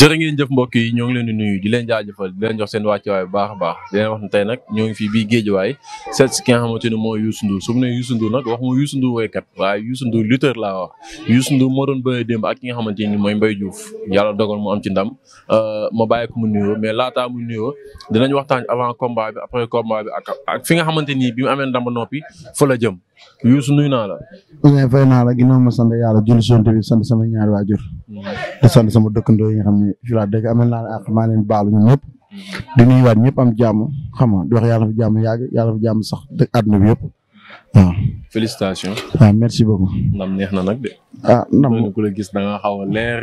jërë ngeen jëf mbokk yi ñoo ngi leen di nuyu di leen jaajëfal di leen jox seen wàccuwaay bu baax a baax di leen wax ne tey nag ñoo ngi fii bii géejuwaay seet si ki nga xamante ni mooy Youssou Ndour su mu ne Youssou Ndour nag wax mu Youssou Ndour woykat waaye Youssou Ndour lutteur laa wax Youssou Ndour moo doon bëre démb ak ki nga xamante ni mooy Mbaye Diouf yàlla dogal mu am ci ndam euh, ma bàyyi ko mu nuyoo mais laataa mu nuyoo dinañ waxtaan avant combat bi après combat bi ak ak fi nga xamante ni bi mu ba noppi fa la jëm Youssou nuyu naa la. Ousseyn fay naa la ginnaaw ma sant yàlla julli si bi sant sama ñaar waajur mm. di sant sama dëkkandoo yi nga xam ne fii laa dëkk amel maa leen baalu ñun ñëpp. di nuyuwaat am jàmm xam nga di wax yàlla na jàmm yàgg yàlla na fi sax dëkk àdduna bi yëpp waaw. félicitations. merci beaucoup. ndam neex na nag de. ah ndam la gis da xaw a leer.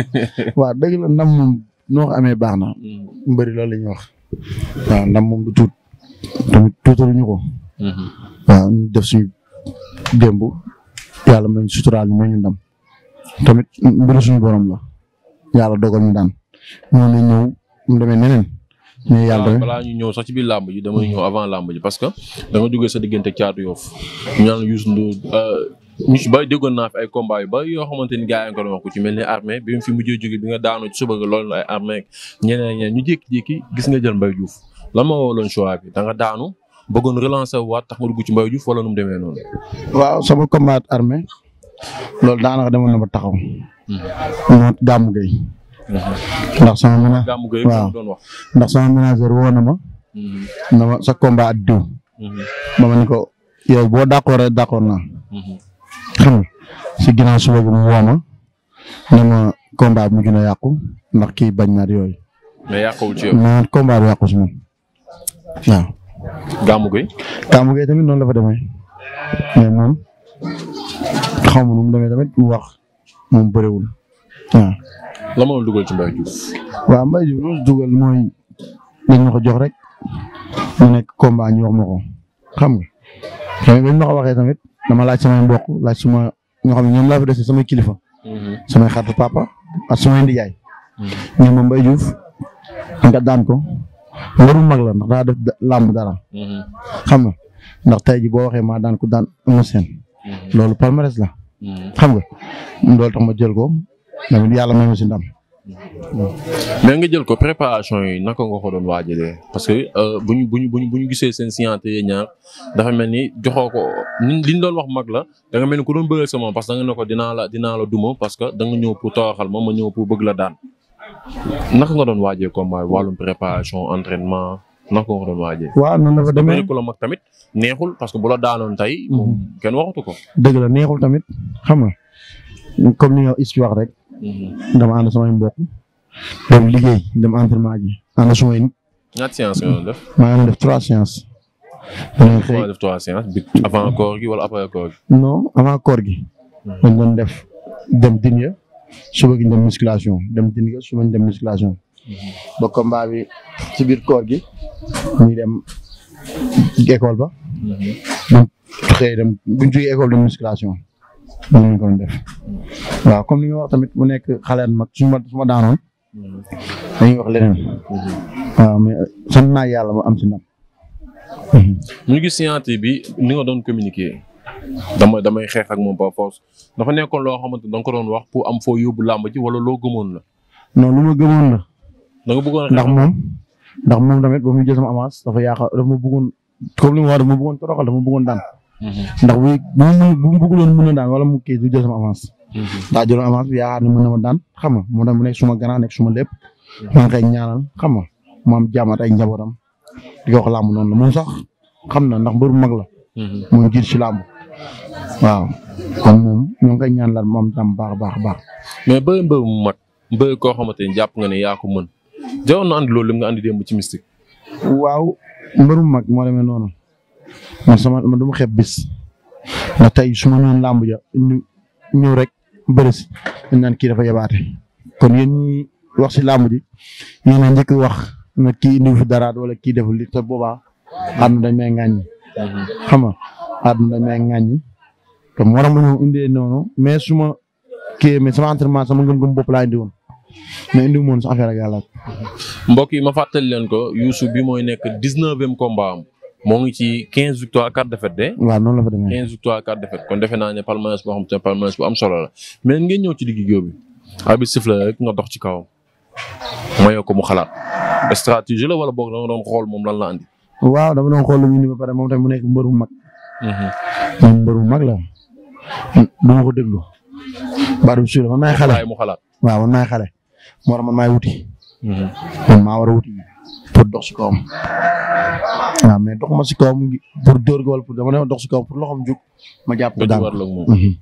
waaw dëgg la ndam moom noo amee baax na. Mm. mbëri loolu la ñuy wax. waaw ndam moom du tuut tamit tuutaluñu ko. Mm-hmm. waaw ñu def suñu démb yàlla may suturaal ñu may ndam tamit mbiru suñu borom la yàlla dogal ñu daan ñoo ne ñëw mu neneen. mais yàlla ah, balaa ñu ñëw sax ci biir làmb ji damay ñëw avant làmb ji parce que da nga jógee sa diggante caatu yoof ñu naan Youssou Ndour euh, ñu si bay déggoon naa fi ay combat yu yoo xamante ni gars yi nga ko ku ci mel ni armée bi mu fi mujjee jóge bi nga daanoo ci suba nga loolu ay armée ñeneen ñeneen ñu jékki-jékki gis nga jël Mbaye Diouf lan moo waraloon choix bëggoon relancer waat tax nga ci Mbaye Diouf wala nu mu demee waaw sama combat armé loolu daanaka demoon na ba taxaw. mu gàmm gay. ndax sama ménage gàmm gay ndax sama na ma. Hmm. na ma sa combat at diw. Hmm. ba ma ni ko yow boo d'accord rek d'accord naa. xam hmm. si ginnaaw suba bi mu woo ma ne mu gën a ndax kii bañ na yooyu. mais yàquwul ci yow mais combat bi yàqu si waaw. gàmmu gi. gàmmu gi tamit noonu la fa demee mais moom xaw mu demee tamit wax moom bëriwul waaw. la ma dugal ci Mbaye Diouf. waaw Mbaye Diouf loolu dugal mooy dañ ma ko jox rek mu nekk combat ñu wax ma ko xam nga tamit ma ko waxee tamit dama laaj samay mbokk laaj suma ñoo xam ñoom laa fa dese samay kilifa. Mhm. samay xaritu papa ak samay ndijaay. Mhm. ñoom Mbaye Diouf nga daan ko. mbër mu mag la ndax daa def làmb dara. Mm-hmm. xam nga ndax tey ji boo waxee maa daan ko daan am mm-hmm. seen. loolu palmarès la. Mm-hmm. xam nga loolu tax ma jël ko tamit yàlla may ma si ndam. mais nga jël ko préparation yi naka nga ko doon waajalee parce que euh, bu ñu bu ñu bu ñu gisee seen science yi ñaar dafa mel ni joxoo ko li ñu doon wax mag la da nga mel ni ku doon bëgg sama parce que da nga ne ko dinaa la dinaa la duma parce que da nga ñëw pour tooxal ma ma ñëw pour bëgg la daan. naka nga doon waajee combat wàllum préparation entraînement naka nga ko doon waajee. waaw noonu la fa demee ku la tamit neexul parce que bu la daanoon tey. moom mm-hmm. kenn waxatu ko. dëgg la neexul tamit xam nga comme ni nga wax rek. Mm-hmm. dama ànd samay mbokk. dem liggéey dem entraînement ji ànd samay nit. ñaata nga def. maa ngi def trois séances. dañuy xëy def trois séances bi avant koor gi wala après koor gi. non avant koor gi. Mm-hmm. dem dinañ. suba gi ñu dem musculation dem dindi ko suba dem musculation ba combat bi ci biir koor gi ñu dem école ba. Mhm. xëy dem buñ jógee école de musculation noonu ñu ko doon wax tamit mu nekk xale mag su ma su ma daanoon dañuy wax leneen mhm. waaw mais sant naa yàlla mu am si ndam. ñu gis scientifique bi ni nga doon communiquer. dama damay xeex ak moom ba dafa nekkoon loo xamante da nga wax pour am foo yóbbu làmb ji wala loo gëmoon la. non lu ma gëmoon la. da ndax moom. ndax moom tamit ba muy jël sama avance dafa yaakaar dafa ma bëggoon comme li ma wax dafa ma bëggoon toroxal bëggoon daan. Mm-hmm. ndax bu bu bu mu bëggoon mën a daan wala mu kii du jël sama avance. Mm-hmm. daa jëloon avance bi ne mën na ma daan xam mu nekk suma gànnaar nekk suma lépp. maa xam nga mu am jàmm ay njabootam di la moom sax xam na ndax mbëru mag la. Mm-hmm. mu ngi jiit ci waaw kon moom ñu ngi koy ñaanal moom tam baax baax baax. mais ba mu mat mbër koo xamante ni jàpp nga ne yaa ko mën jaroon na andi waaw mbër mu mag moo demee noonu man sama man du ma bis ndax tey su ma naan làmb rek bëri si dañ naan kii dafa yebaate kon yéen ñi wax si làmb ji yéen a njëkk wax na kii indi fi daraat wala kii deful li te boobaa am na dañ may ngàññi mhm. xam àdduna dañ may ŋàññi te mu war a mën indee noonu mais su ma kii mais sama sama ngëm-ngëm bopp laa indi mais indi woon sa affaire ak yàlla. mbokk yi ma fàttali leen ko Youssou bi mooy nekk dix-neuvième combat am moo ngi ci quinze victoire a défaites de. waaw noonu la fa demee kon defe naa ne palmarès boo xam te ne palmarès am solo la mais ngeen ñëw ci digg-géew bi. abi sif la rek nga dox ci kawam. mayoo ko mu xalaat. stratégie la wala boog da doon xool moom lan la andi. waaw dama doon xool ba pare moom moom mbër bu mag la dama ko déglu. Badou Sow man maay xale waaw man maay xale moo tax man maay wuti. Mhm. man maa war wuti pour dox si kawam. waaw mais doxuma si kawam pour dóor gi wala pour dama ne dox si kawam pour loxoom jug ma jàpp daan mhm.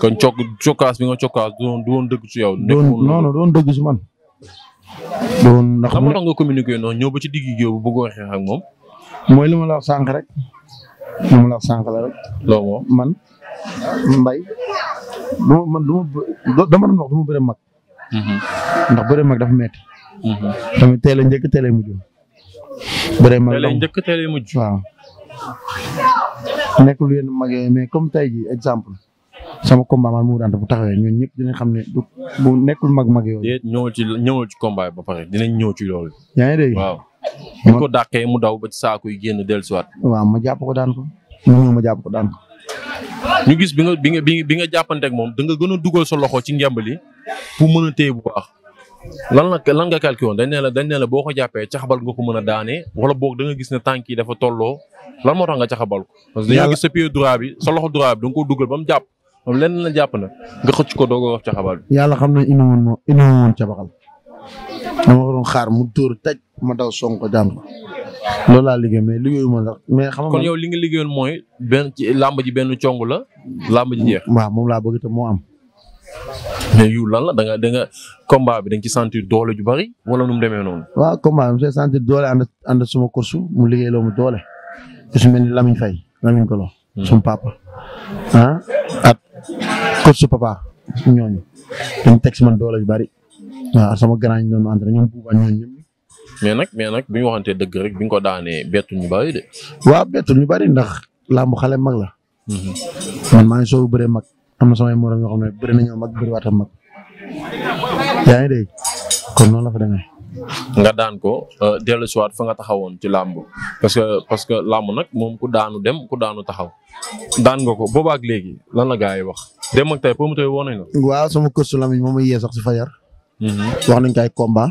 kon cok cokkaas bi nga cokkaas du woon du woon dëgg si yow. nekkul non du woon dëgg man. doon ndax xam nga communiqué noonu ñëw ba ci digg géew bu bëggoon moom. mooy li la wax sànq rek moom la sànq la rek. loo woo man mbay du man du ma dama doon wax du ma mag. Mhm. ndax bëri mag dafa métti. Mhm. tamit teel a njëkk teel a mujj. bëri mag teel a njëkk teel a mujj. waaw nekkul yenn mag yooyu mais comme tey jii exemple sama combat man mu daan bu taxawee ñun ñëpp dinañ xam ne du nekkul mag mag yooyu. déet ñëwul ci ñëwul ci combat ba pare dinañ ñëw ci loolu. yaa ngi bu ko dàqee mu daw ba ci saako yi génn dellusiwaat. waaw ma jàpp ko daan ma jàpp ko daan ko. ñu gis bi nga bi nga bi nga jàppanteeg moom danga nga gën a dugal sa loxo ci njàmbali pour mën a téye bu baax. lan la lan nga calculé woon dañ ne la dañ ne la boo ko jàppee caxabal nga ko mën a daanee wala boog da nga gis ne tànk yi dafa tolloo lan moo tax nga caxabal ko. parce que dañoo gis sa pied droit bi sa loxo droit bi da nga ko dugal ba mu jàpp moom lenn la jàpp na nga xëcc ko doog a wax caxabal bi. yàlla xam nañ indi woon dama ko doon xaar mu dóor taj ma daw sonko daan loolu laa liggéey mais liggéeyuma sax mais xam nga kon yow li nga liggéeyoon mooy benn ci làmb ji benn cong la làmb ji jeex. waaw moom laa bëgg te moo am. mais yu lan la da nga da bi da ci sentir doole ju bari wala nu mu demee noonu. waaw combat bi mu see sentir doole ànd ànd suma kursu mu liggéey loo mu doole ku si mel ni Lamine Faye Lamine Kolo. Hmm. suma papa ah ak kursu papa ñooñu dañ teg si man doole ju bari. waaw ah, sama grand ñu doon entraîné ñoom mais nag mais nag bu ñu dëgg rek bi ñu ko daanee bettu ñu bari de. waa bettu ñu bari ndax làmbu xale mag la. Mhm. man maa bëree mag am na samay morom yoo bëri nañoo mag bëri waatam mag. yaa ngi dégg kon noonu la fa nga daan ko euh, dellu si waat fa nga taxawoon ci làmb parce que parce que làmb nag moom ku daanu dem ku daanu taxaw daan nga ko ak léegi lan la gaa yi wax dem ak tey promoteur woo nañ la. waaw sama kër su Lamine moom yee sax si fajar. Mhm. wax nañ ko ay combat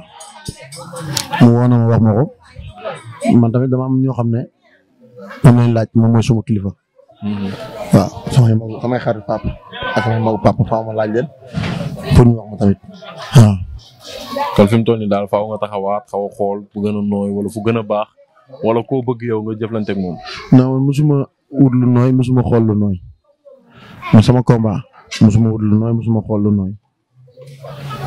mu woo na ma wax ma man tamit dama am ñoo xam ne moom lañ laaj moom mooy suma kilifa. Mhm. waaw samay mag samay xarit papa ak samay mag papa faaw ma laaj leen pour ñu wax ma tamit kon fi mu toll nii daal faaw nga taxawaat xaw a xool fu gën a nooy wala fu gën a baax wala koo bëgg yow nga jëflante moom. non man mosuma wut lu nooy mosuma xool lu nooy man sama combat mosuma wut xool lu nooy.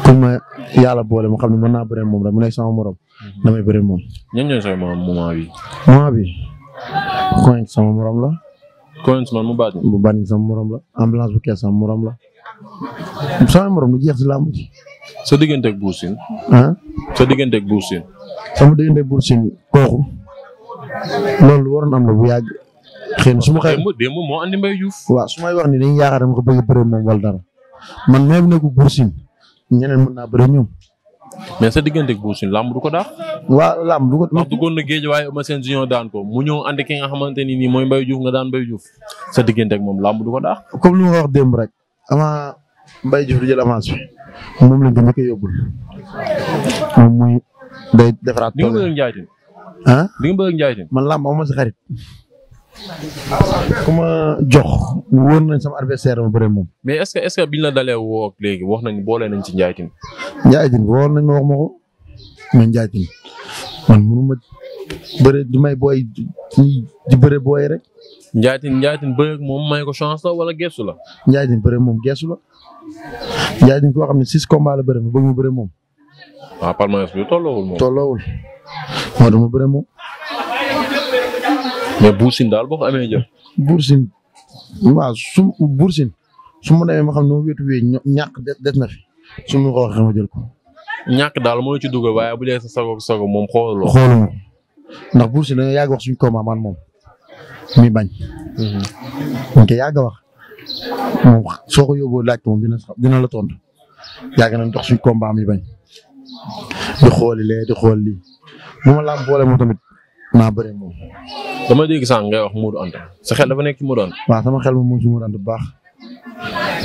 ku ma yàlla boole ma xam ne mën naa bëre moom rek mu nekk sama morom mhm. damay bëre moom. ñoom ñooy sama morom bi. moment bi Coins sama morom la. Coins man mu baat mu baat sama morom la ambulance bu kees sama morom la sama morom lu jeex si làmb ji. sa diggante ak Bour diggante ak Bour Sine. sama diggante ak Bour kooku loolu waroon am la bu yàgg. xëy na su ma xëy démb moo andi Mbaye Diouf. waaw su wax ni dañuy yaakaar dama ko bëgg a bëre moom wala dara man même nekkul Bour Sine ñeneen mën naa bëri ñoom. mais sa digganteeg Bour Sine làmb du ko daax. waa làmb du ko. ndax duggoon na géej waaye Eumeu Sène Junior daan ko mu ñëw andi ki nga xamante ni nii mooy Mbaye Diouf nga daan Mbaye Diouf sa digganteeg moom làmb du ko daax. comme li ma wax démb rek ama Mbaye Diouf di jël avance bi moom lañ ko njëkk a yóbbul moom muy day defaraat. di nga bëgg ak di nga bëgg ak Ndiaye man làmb amoo si xarit. ku ma jox wóor nañ sama adversaire ma bëre moom. mais est que est ce que biñ la dalee woo léegi wax nañ boole nañ ci Ndiaye Tine. Ndiaye Tine woo nañ ma wax ma ko man Ndiaye Tine man mënu di may booy di bëre booy rek. Ndiaye Tine Ndiaye Tine bëre moom may ko chance la wala geesu la. Ndiaye Tine bëre moom geesu la Ndiaye Tine koo xam ne six combats la bëre ma bëgg mu bëre moom. waaw ah, palmarès bi tolloowul moom tolloowul moom. mais Bour Sine daal boo ko amee jël. Bour Sine waaw su Bour Sine su ma demee ma xam ne moom wetu wee ñàkk des na fi su ma ko waxee ma jël ko. ñàkk daal moo ci dugal waaye bu dee sa sago sago moom xooloo. xooloo ndax Bour Sine dañoo yàgg wax suñu combat man moom mi bañ. Mhm. dañ koy yàgg wax moom soo ko yóbboo laaj moom dina la tontu yàgg nañ dox suñu combat mi bañ di xooli di xool lii bu laam boole moom tamit. naa bëri moom. dama dégg sànq ngay wax Modou ant sa xel dafa nekk ci Modou Anta. waaw sama xel moom mu ngi ci Modou bu baax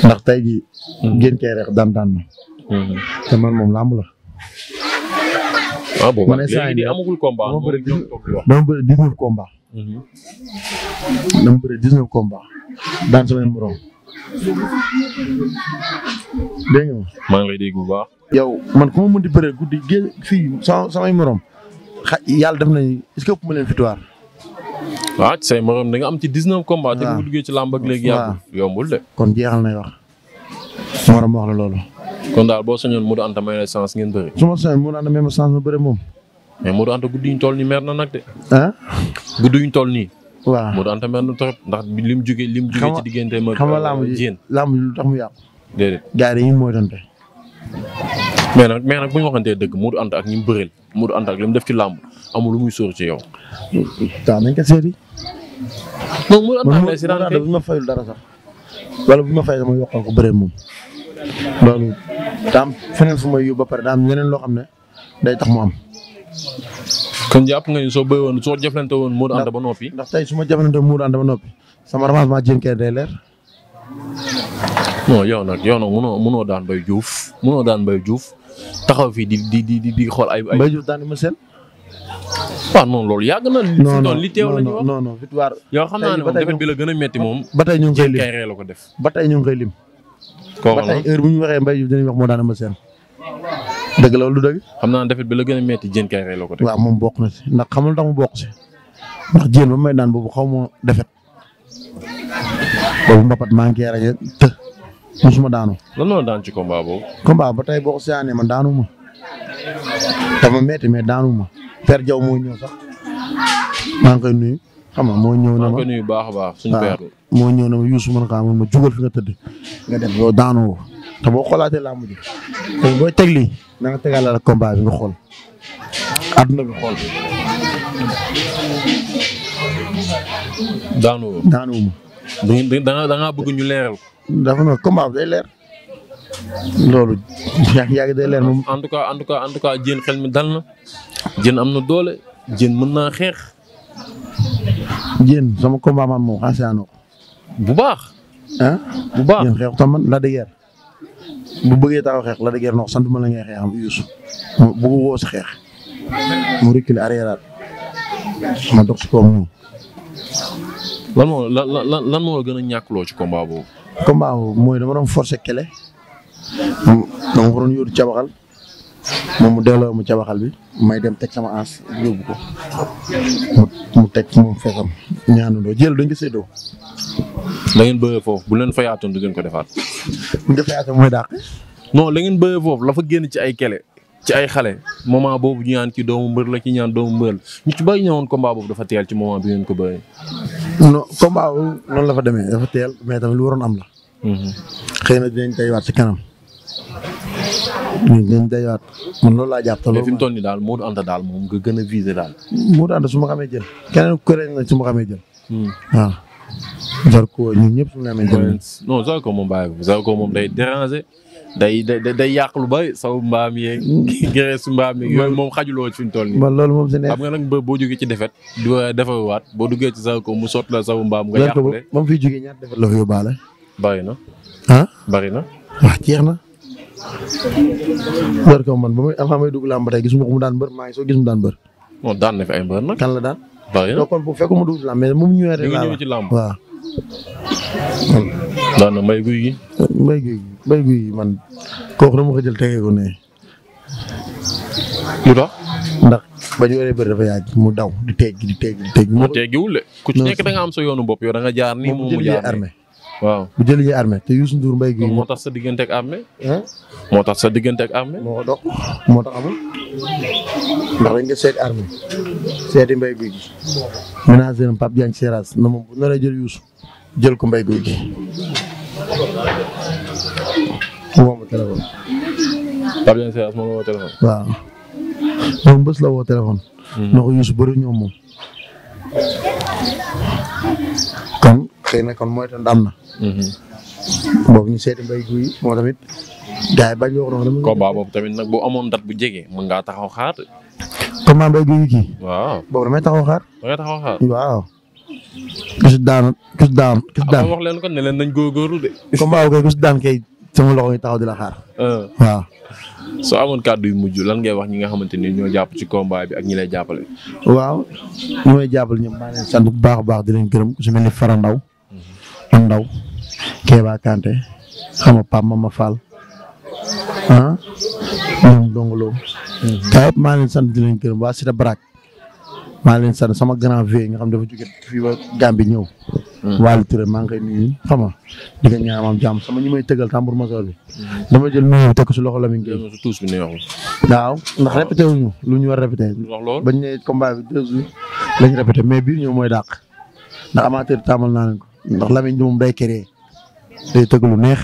ndax tey jii. Hmm. gën kay rek daan daan na. Hmm. te man moom làmb la. waaw ah, boobu léegi di amagul combat dama bëri dix neuf combat. dama bëri dix neuf hmm. baax. yow man ku ma mën di bëree guddi génn fii samay morom. yàlla def nañu est-ce que ëpp ma leen victoire. waaw say morom da nga am ci 19 combats. waaw te bu duggee ci làmb ak léegi yàggul yombul de. kon jeexal nay wax. morom wax la loolu. kon daal boo soñoon Modou Anta may la chance ngeen bëri. su ma soñoon Modou Anta moom. mais Modou Anta guddi ñu toll nii mer na nag de. ah. guddi ñu toll nii. mu Modou Anta mer na trop ndax li mu jógee li mu jógee ci diggante ma. xam nga làmb euh, ji tax mu yàqu. déedéet gars yi dañuy moytante. mais nag mais nag bu ñu waxantee dëgg Modou Anta ak ñi mu bëreel Modou Anta ak li mu def ci làmb amul muy sóor ci yow. daa ko seeti. donc Modou Anta ma fayul dara sax bu ma fay dama yokkal feneen fu may yóbbu ba pare daam ñeneen loo xam ne day tax mu am. kon jàpp nga ni soo woon soo jëflante woon Modou Anta ba noppi. ndax tey su ma jëflante woon Modou Anta ba noppi sama ramassement jën day leer. non yow nag yow nag munoo daan bay juuf munoo daan bay juuf taxaw fii di di di di xool ay. Mbaye Diouf daan Eumeu Sène. waaw non loolu yàgg na. non non li teew la ñu wax non non victoire. yow xam naa ne moom defet bi la gën a metti moom. ba tey ñu ngi koy lim kay la ko def. ba tey ñu ngi koy lim. koo ba tey heure bu ñu waxee Mbaye Diouf dinañ wax moo daan Eumeu Sène. dëgg la wala du dëgg. xam naa ne defet bi la gën a metti jën kay la ko def. waaw moom bokk na si ndax xamul tax mu bokk si ndax jën ba may naan boobu xaw ma defet boobu mbapat maa ngi koy rajo të musuma daanu. lan moo daan ci combat boobu. combat ba tey boo ko seetaanee man daanu ma dama metti mais daanu ma Père Diaw moo ñëw sax maa ngi nuyu. xam nga moo ñëw na ma maa ngi koy baax a baax suñu moo ñëw na ma ah, ma jugal fi nga tëdd nga dem yow daanu woo te boo xoolaatee laa mujj tey booy teg lii na nga tegaale la combat bi nga xool adduna bi xool. daanu woo daanu woo. da nga da ñu leeral. dafa na combat day leer loolu yaa yàgg day leer moom. en tout cas en tout cas en tout cas Diène xel mi dal na Diène am na doole Diène mën naa xeex. Diène sama combat man moom xaasiwaano bu baax. ah bu baax Diène xeex tam man la de guerre bu bëggee taxaw xeex la de guerre nox sant ma la ngay xeex am Youssou mu bëgg woo si xeex mu reculer arrière ma dox si koom moom. lan moo lan moo gën a ñàkkloo ci combat boobu. combat mooy dama doon forcer kele dama ko doon yóotu moom mu delloo mu cabaxal bi may dem teg sama ans yóbbu ko mu teg moom fekkam ñaanandoo jël dañ ko séddoo. ngeen bëree foofu bu leen fayaatoon du ngeen ko defaat. bu ngeen fayaatoon mooy dàq. non la ngeen bëree foofu la fa génn ci ay kele ci ay xale moment boobu ñu ñaan ci doomu mbër la ci ñaan doomu mbër ñu ci bàyyi ñëwoon kombaa boobu dafa teel ci moment bi ngeen ko bëree. non combat noonu la fa demee dafa teel mais tamit lu waroon am la. Mhm. xëy na dinañ daywaat ci kanam. dinañ daywaat man loolu laa jàpp. loolu mais fi daal Modou daal moom nga gën a viser daal. Modou Anta su ma xamee jël. keneen ku ne su ma xamee jël. Hmm. waaw. Zarko ñëpp su ma xamee jël. non Zarko ko Zarko moom day déranger. day day day yàq lu bari saw mbaam yeeg. Mm. gëreesu mbaam yeeg yooyu moom xajuloo ci ñu toll nii. man loolu moom si neex xam nga nag boo jógee ci defet di euh, waat boo duggee ci saw ko mu sot la saw mbaam nga. yàq de ba mu fiy jógee ñaar defet la fa yóbbaale. bari na. ah bari na. wax ah, jeex na. mbër ko man ba muy mu daan mbër maa ngi soo gis mu daan mbër. moom daan na fi ay mbër la daan. bari na kon bu fekkoon mu ci laa la waaw daan na mbay guy gi. mbay guy mbay guy gi man kooku dama ko jël tegee ko ne. lu tax. ndax ba ñu waree bëri dafa yaaj mu daw di teggi di teggi di teggi. mu teggiwul de nekk da nga am sa yoonu bopp yow da nga jaar nii mu mu jaar armée waaw bu jëlee armée te Youssou Ndour mbay gi. moo tax sa diggante ak armée. moo tax sa diggante ak armée. moo dox moo tax amul. ndax dañ nga seeti armée seeti mbay guy gi. ménagère Pape Diagne Seras na moom bu naree jël Youssou jël ko mbay guy gi. la woo téléphone. waaw moom bés la hmm. moom. xëy na kon mooy tan am na. Mhm. boobu ñu seeti mbay guy moo tamit gars yi bañ wax noonu. combat boobu tamit nag bu amoon date bu jege mën ngaa taxaw xaar. combat mbay guy kii. waaw boobu damay taxaw xaar. damay taxaw xaar waaw. ku si daan ku si daan wax leen ko ne leen nañ góorgóorlu de. combat boobu kay ku si daan kay sama loxo yi taxaw di la xaar. Euh. waaw. soo amoon kàddu yu mujj lan ngay wax ñi nga xamante ni ñoo jàpp ci combat bi ak ñi lay jàppale. waaw ñooy jàppale ñoom maa ngi leen sant bu baax a baax di leen gërëm ku si mel ni Farandaw am ndaw Kéba Kanté xam nga Pape ma Fall ah ñoom Dongolo. Mhm. gaa yëpp maa leen sant di leen gërëm waa Cité Baraak maa leen sant sama grand vie nga xam dafa jóge fii ba Gambie ñëw. Mhm. Waly Touré maa ngi koy nuyu xam nga di ko ñaanal jàmm sama ñi may tëggal tambour major bi. Mhm. dama si loxo la mi ngi koy. si tuus bi nuyu waaw ndax répété wuñu lu ñu war a répété. wax loolu bañ ne combat bi deux jours mais biir ñëw mooy dàq ndax amateur taamal naa leen ko. ndax lamiñ bi moom day kéré day tëgg lu neex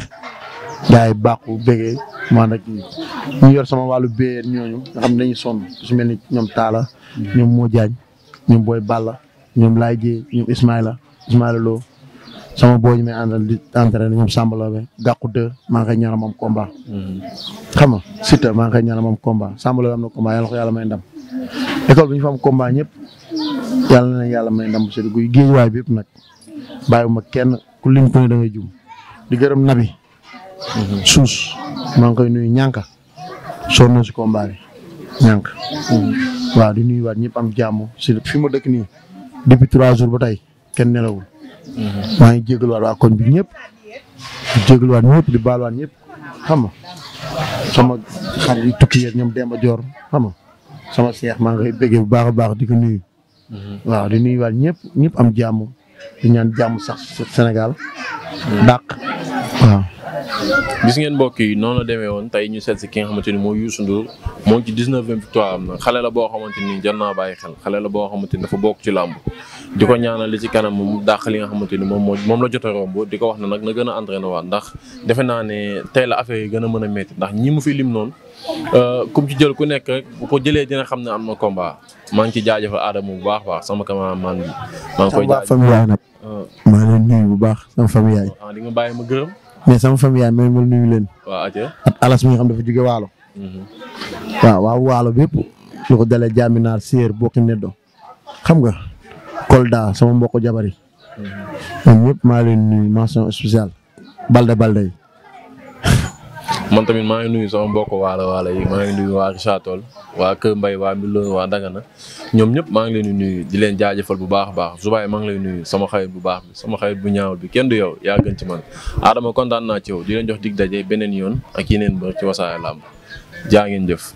gars yi bàqu bégee maa nag ñu yor sama wàllu béyee ñooñu nga xam ne dañuy sonn su mel ni ñoom Talla ñoom moo jaañ ñoom booy Balla ñoom Laye Dieng ñoom Ismaïla Ismaïla Lo sama boo ñu may àndal di entraîné ñoom Samba Lobé gàqu deux maa ngi koy ñaanal moom combat. xam nga Siteu maa moom combat Samba Lobé am na combat yàlla ko yàlla may ndam école bi ñu fa am combat ñëpp yàlla na yàlla may ndam bu sedd guy géej waay bi yëpp nag. ma kenn ku lim ku ne da ngay jum di gërëm nabi suus maa ngi koy nuyu ñànk sonn si combat ñànk waaw di nuyuwaat ñëpp am jàmm si fi ma dëkk nii depuis trois jours ba tey kenn nelawul maa ngi jégaluwaat waa koñ bi ñëpp di jégaluwaat ñëpp di baaluwaat ñëpp xam nga sama xarit yi tukki yeeg ñoom Demba joor xam nga sama seex maa ngi koy bëggee bu baax a baax di ko nuyu mhm. waaw di nuyuwaat ñëpp ñëpp am jàmm di ñaan jàmm sax Sénégal dàq waaw. gis ngeen mbokk yi noonu la demee woon tey ñu seet si ki nga xamante ni mooy Youssou Ndour moo ngi ci 19 victoire am na xale la boo xamante ni jar naa bàyyi xel xale la boo xamante ni dafa bokk ci làmb di ko ñaanal li ci kanam mu dàq li nga xamante ni moom moo moom la jot a romb di ko wax na nag na gën a entraîné waat ndax defe naa ne tey la affaire yi gën a mën a métti ndax ñi mu fi lim noonu comme euh, ci jël ku nekk rek bu ko jëlee dina xam ne am na combat maa ngi ci jaajëfal Adama bu baax baax sama cameraman bi maa ngi koy jaajëfal nag euh. bu baax sama famille yaay ah nga bàyyi ma gërëm mais sama famille yaay ma nuyu leen waaw ak alas mi nga xam dafa jóge waalo mm-hmm. waaw waaw waalo bépp lu ko dalee jaaminaar séer bokki neddo xam nga Kolda sama mbokk jabar yi ñoom ñëpp maa leen nuyu mention spéciale Balde Balde yi. man tamit maa ngi nuyu sama mbokk waalo waalo yi maa ngi nuyu waa Richard-Toll waa Kër Mbaye waa Milo waa Dagana ñoom ñëpp maa ngi leen di nuyu di leen jaajëfal bu baax a baax Zubaay maa ngi lay nuyu sama xarit bu baax bi sama xarit bu ñaawul bi kenn du yow yaa gën ci man Adama kontaan naa ci yow di leen jox dig daje beneen yoon ak yeneen bër ci Wassare Lamb jaa ngeen jëf.